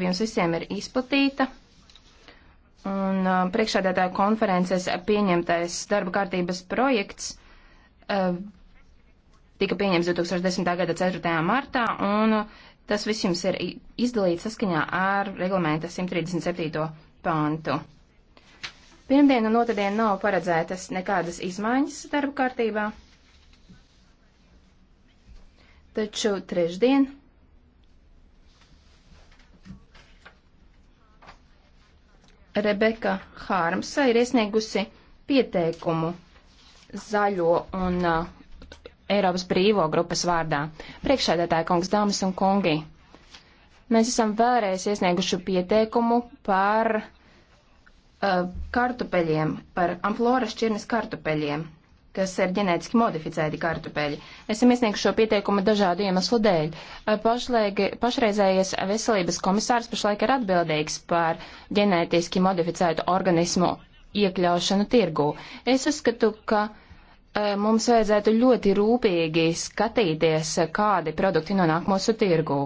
jums visiem ir izplatīta. Un uh, priekšādātāja konferences pieņemtais darba kārtības projekts uh, tika pieņemts 2010. gada 4. martā, un uh, tas viss jums ir izdalīts saskaņā ar reglamenta 137. pāntu. Pirmdien un otrdien nav paredzētas nekādas izmaiņas darba kārtībā, taču trešdien Rebeka Hārmsa ir iesniegusi pieteikumu zaļo un uh, Eiropas brīvo grupas vārdā. Priekšsēdētāji kungs, dāmas un kungi, mēs esam vēlreiz iesnieguši pieteikumu par uh, kartupeļiem, par amfloras čirnes kartupeļiem kas ir ģenētiski modificēti kartupeļi. Esam iesnieguši šo pieteikumu dažādu iemeslu dēļ. Pašlaik, pašreizējais veselības komisārs pašlaik ir atbildīgs par ģenētiski modificētu organismu iekļaušanu tirgū. Es uzskatu, ka mums vajadzētu ļoti rūpīgi skatīties, kādi produkti nonāk mūsu tirgū.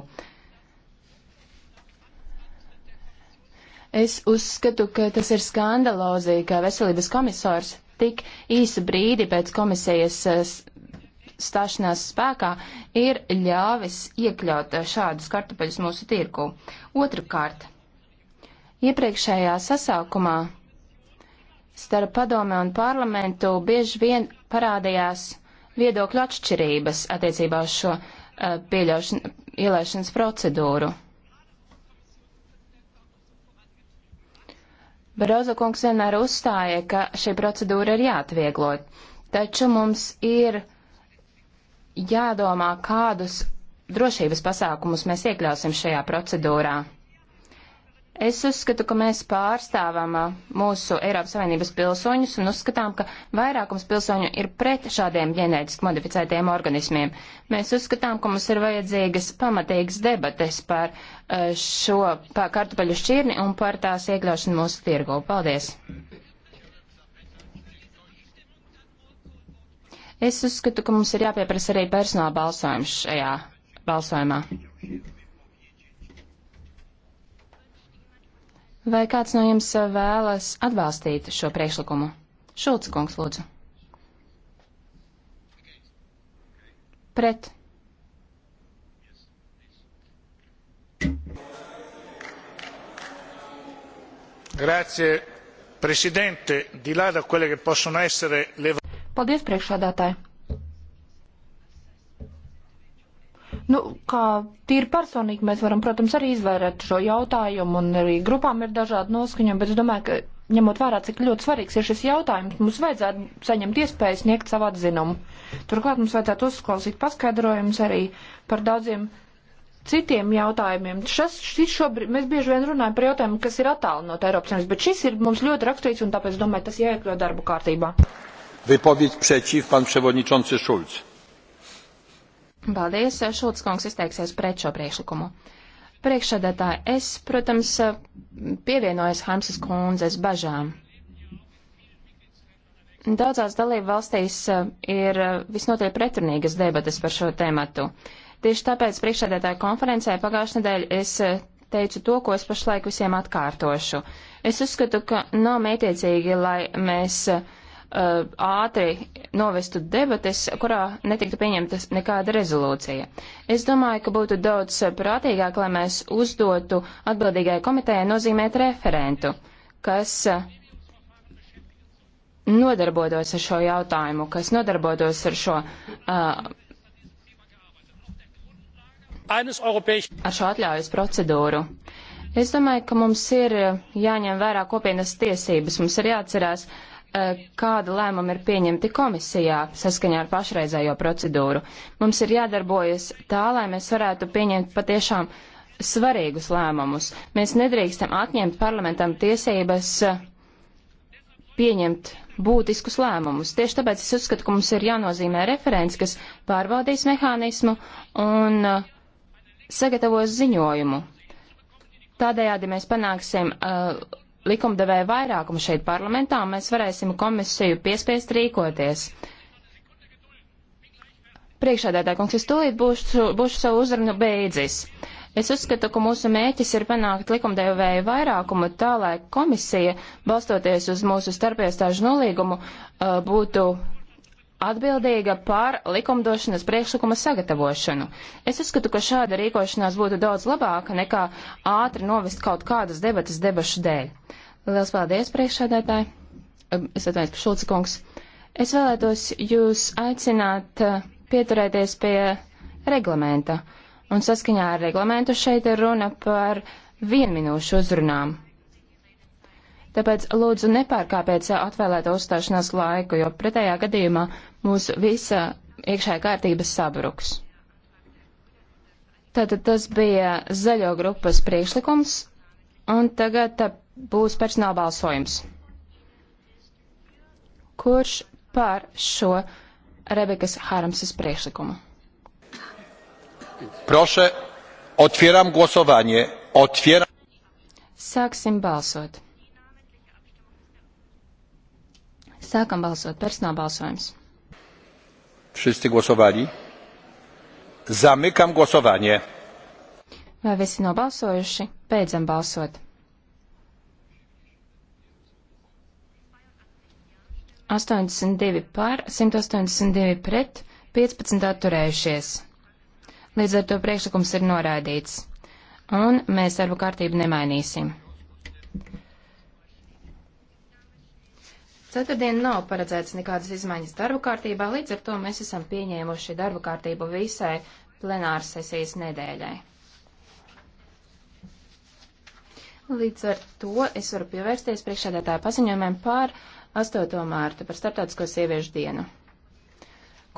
Es uzskatu, ka tas ir skandalozi, ka veselības komisārs tik īsu brīdi pēc komisijas eh, stāšanās spēkā ir ļāvis iekļaut eh, šādus kartupeļus mūsu tirku. Otrakārt, iepriekšējā sasaukumā starp padome un parlamentu bieži vien parādījās viedokļu atšķirības attiecībā uz šo uh, eh, pieļaušanu, ielaišanas procedūru. Barozo kungs vienmēr uzstāja, ka šī procedūra ir jāatvieglo, taču mums ir jādomā, kādus drošības pasākumus mēs iekļausim šajā procedūrā. Es uzskatu, ka mēs pārstāvam uh, mūsu Eiropas Savienības pilsoņus un uzskatām, ka vairākums pilsoņu ir pret šādiem ģenētiski modificētiem organismiem. Mēs uzskatām, ka mums ir vajadzīgas pamatīgas debates par uh, šo par kartupeļu šķirni un par tās iekļaušanu mūsu tirgu. Paldies! Es uzskatu, ka mums ir jāpieprasa arī personāla balsojums šajā balsojumā. Vai kāds no jums eh, vēlas atbalstīt šo priekšlikumu? Šulca kungs, lūdzu. Pret. Grazie, Presidente. Di là da quelle che possono essere le. Paldies, priekšādātāji. kā tīri personīgi mēs varam, protams, arī izvērēt šo jautājumu, un arī grupām ir dažādi noskaņojumi, bet es domāju, ka ņemot vērā, cik ļoti svarīgs ir šis jautājums, mums vajadzētu saņemt iespēju sniegt savu atzinumu. Turklāt mums vajadzētu uzklausīt paskaidrojumus arī par daudziem citiem jautājumiem. Šas, šis šobrīd, mēs bieži vien runājam par jautājumiem, kas ir attāli no Eiropas Savienības, bet šis ir mums ļoti raksturīgs, un tāpēc, domāju, tas jāiekļaut darbu kārtībā. Vypowiedź przeciw pan przewodniczący Schulz. Paldies, Šulc kungs izteiksies pret šo priekšlikumu. Priekšsēdētāji, es, protams, pievienojos Hamsas kundzes bažām. Daudzās dalību valstīs ir visnotaļ pretrunīgas debatas par šo tēmatu. Tieši tāpēc priekšsēdētāju konferencē pagājušajā nedēļā es teicu to, ko es pašlaik visiem atkārtošu. Es uzskatu, ka nav mētiecīgi, lai mēs uh, Uh, ātri novestu debates, kurā netiktu pieņemta nekāda rezolūcija. Es domāju, ka būtu daudz prātīgāk, lai mēs uzdotu atbildīgai komitejai nozīmēt referentu, kas uh, nodarbotos ar šo jautājumu, kas nodarbotos ar šo, uh, ar šo atļaujas procedūru. Es domāju, ka mums ir jāņem vērā kopienas tiesības, mums ir jāatcerās, uh, Eh, kāda lēmuma ir pieņemti komisijā saskaņā ar pašreizējo procedūru. Mums ir jādarbojas tā, lai mēs varētu pieņemt patiešām svarīgus lēmumus. Mēs nedrīkstam atņemt parlamentam tiesības eh, pieņemt būtiskus lēmumus. Tieši tāpēc es uzskatu, ka mums ir jānozīmē referents, kas pārvaldīs mehānismu un eh, sagatavos ziņojumu. Tādējādi mēs panāksim uh, likumdevēja vairākumu šeit parlamentā, mēs varēsim komisiju piespiest rīkoties. Priekšādētāji kungs, es tūlīt būšu, būšu savu uzrunu beidzis. Es uzskatu, ka mūsu mēķis ir panākt likumdevēju vairākumu tā, lai komisija, balstoties uz mūsu starpiestāžu nolīgumu, uh, būtu atbildīga par likumdošanas priekšlikuma sagatavošanu. Es uzskatu, ka šāda rīkošanās būtu daudz labāka nekā ātri novest kaut kādas debatas debašu dēļ. Liels paldies, priekšsēdētāji. Es atvainojos, Šulca kungs. Es vēlētos jūs aicināt eh, pieturēties pie reglamenta. Un saskaņā ar reglamentu šeit ir runa par vienminūšu uzrunām. Tāpēc lūdzu nepārkāpiet sev atvēlēto uzstāšanās laiku, jo pretējā gadījumā mūsu visa iekšējā kārtības sabruks. Tātad tas bija zaļo grupas priekšlikums, un tagad būs personāla balsojums. Kurš par šo Rebekas Haramsas priekšlikumu? Prošē, otvieram głosowanie. Otvieram. Sāksim balsot. Sākam balsot. Personāla balsojums. Wszyscy głosowali? Zamykam głosowanie. Vai visi nobalsojuši? Beidzam balsot. 82 pār, 182 pret, 15 atturējušies. Līdz ar to priekšlikums ir noraidīts. Un mēs darbu kārtību nemainīsim. Ceturtdien nav paredzēts nekādas izmaiņas darba kārtībā, līdz ar to mēs esam pieņēmuši darba kārtību visai plenāras sesijas nedēļai. Līdz ar to es varu pievērsties priekšādātāju paziņojumiem par 8. mārtu par Startautisko sieviešu dienu.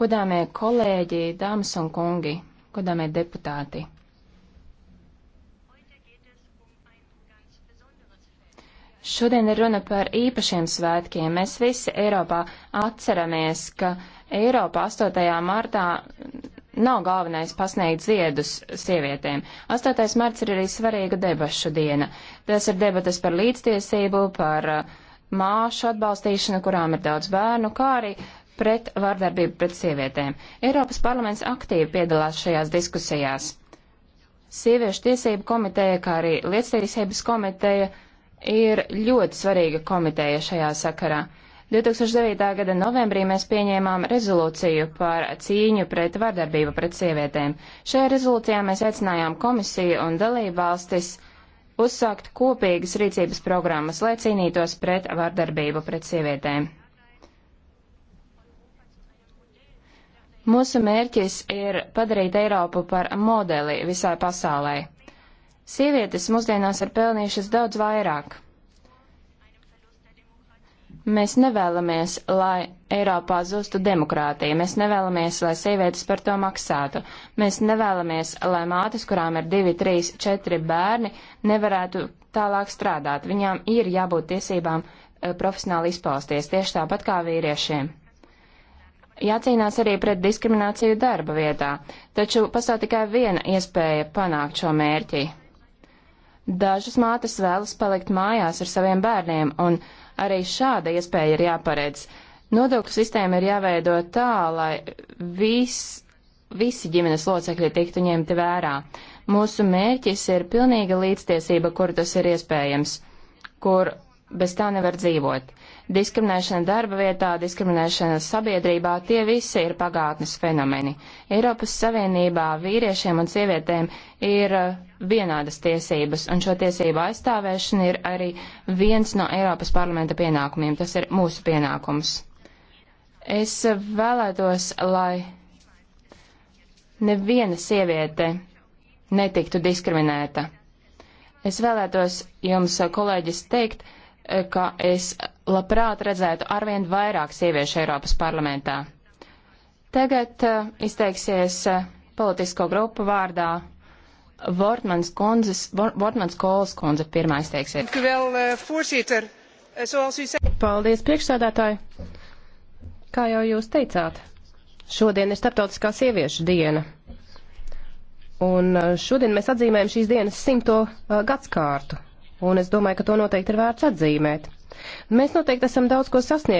Kodāmie kolēģi, dāmas un kungi, kodāmie deputāti. Šodien ir runa par īpašiem svētkiem. Mēs visi Eiropā atceramies, ka Eiropa 8. martā nav galvenais pasniegt ziedus sievietēm. 8. marts ir arī svarīga debašu diena. Tas ir debatas par līdztiesību, par uh, māšu atbalstīšana, kurām ir daudz bērnu, kā arī pret vardarbību pret sievietēm. Eiropas parlaments aktīvi piedalās šajās diskusijās. Sieviešu tiesību komiteja, kā arī lietstiesības komiteja, ir ļoti svarīga komiteja šajā sakarā. 2009. gada novembrī mēs pieņēmām rezolūciju par cīņu pret vardarbību pret sievietēm. Šajā rezolūcijā mēs aicinājām komisiju un dalību valstis uzsākt kopīgas rīcības programmas, lai cīnītos pret vardarbību pret sievietēm. Mūsu mērķis ir padarīt Eiropu par modeli visai pasaulē. Sievietes mūsdienās ir pelnījušas daudz vairāk. Mēs nevēlamies, lai Eiropā zustu demokrātija, mēs nevēlamies, lai sievietes par to maksātu, mēs nevēlamies, lai mātes, kurām ir divi, trīs, četri bērni, nevarētu tālāk strādāt. Viņām ir jābūt tiesībām eh, profesionāli izpausties, tieši tāpat kā vīriešiem. Jācīnās arī pret diskrimināciju darba vietā, taču pastāv tikai viena iespēja panākt šo mērķi. Dažas mātes vēlas palikt mājās ar saviem bērniem, un Arī šāda iespēja ir jāparedz. Nodokļu sistēma ir jāveido tā, lai vis, visi ģimenes locekļi tiktu ņemti vērā. Mūsu mērķis ir pilnīga līdztiesība, kur tas ir iespējams, kur bez tā nevar dzīvot. Diskriminēšana darba vietā, diskriminēšana sabiedrībā - tie visi ir pagātnes fenomeni. Eiropas Savienībā vīriešiem un sievietēm ir uh, vienādas tiesības, un šo tiesību aizstāvēšana ir arī viens no Eiropas parlamenta pienākumiem. Tas ir mūsu pienākums. Es vēlētos, lai neviena sieviete netiktu diskriminēta. Es vēlētos jums, uh, kolēģis, teikt, ka es labprāt redzētu arvien vairāk sieviešu Eiropas parlamentā. Tagad uh, izteiksies uh, politisko grupu vārdā Vortmans kundzes, Vortmans Kols kundze pirmā izteiksies. Uh, uh, Paldies, priekšsēdētāji! Kā jau jūs teicāt, šodien ir starptautiskā sieviešu diena. Un uh, šodien mēs atzīmējam šīs dienas simto uh, gadskārtu un es domāju, ka to noteikti ir vērts atzīmēt. Mēs noteikti esam daudz ko sasnieguši.